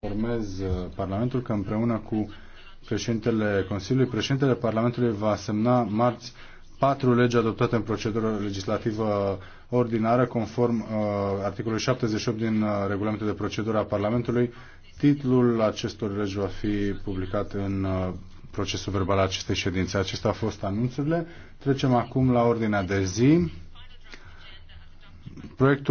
informez uh, Parlamentul că împreună cu președintele Consiliului, președintele Parlamentului va semna marți patru legi adoptate în procedură legislativă ordinară, conform uh, articolului 78 din uh, regulamentul de procedură a Parlamentului. Titlul acestor legi va fi publicat în uh, procesul verbal al acestei ședințe. Acestea au fost anunțurile. Trecem acum la ordinea de zi. Proiectul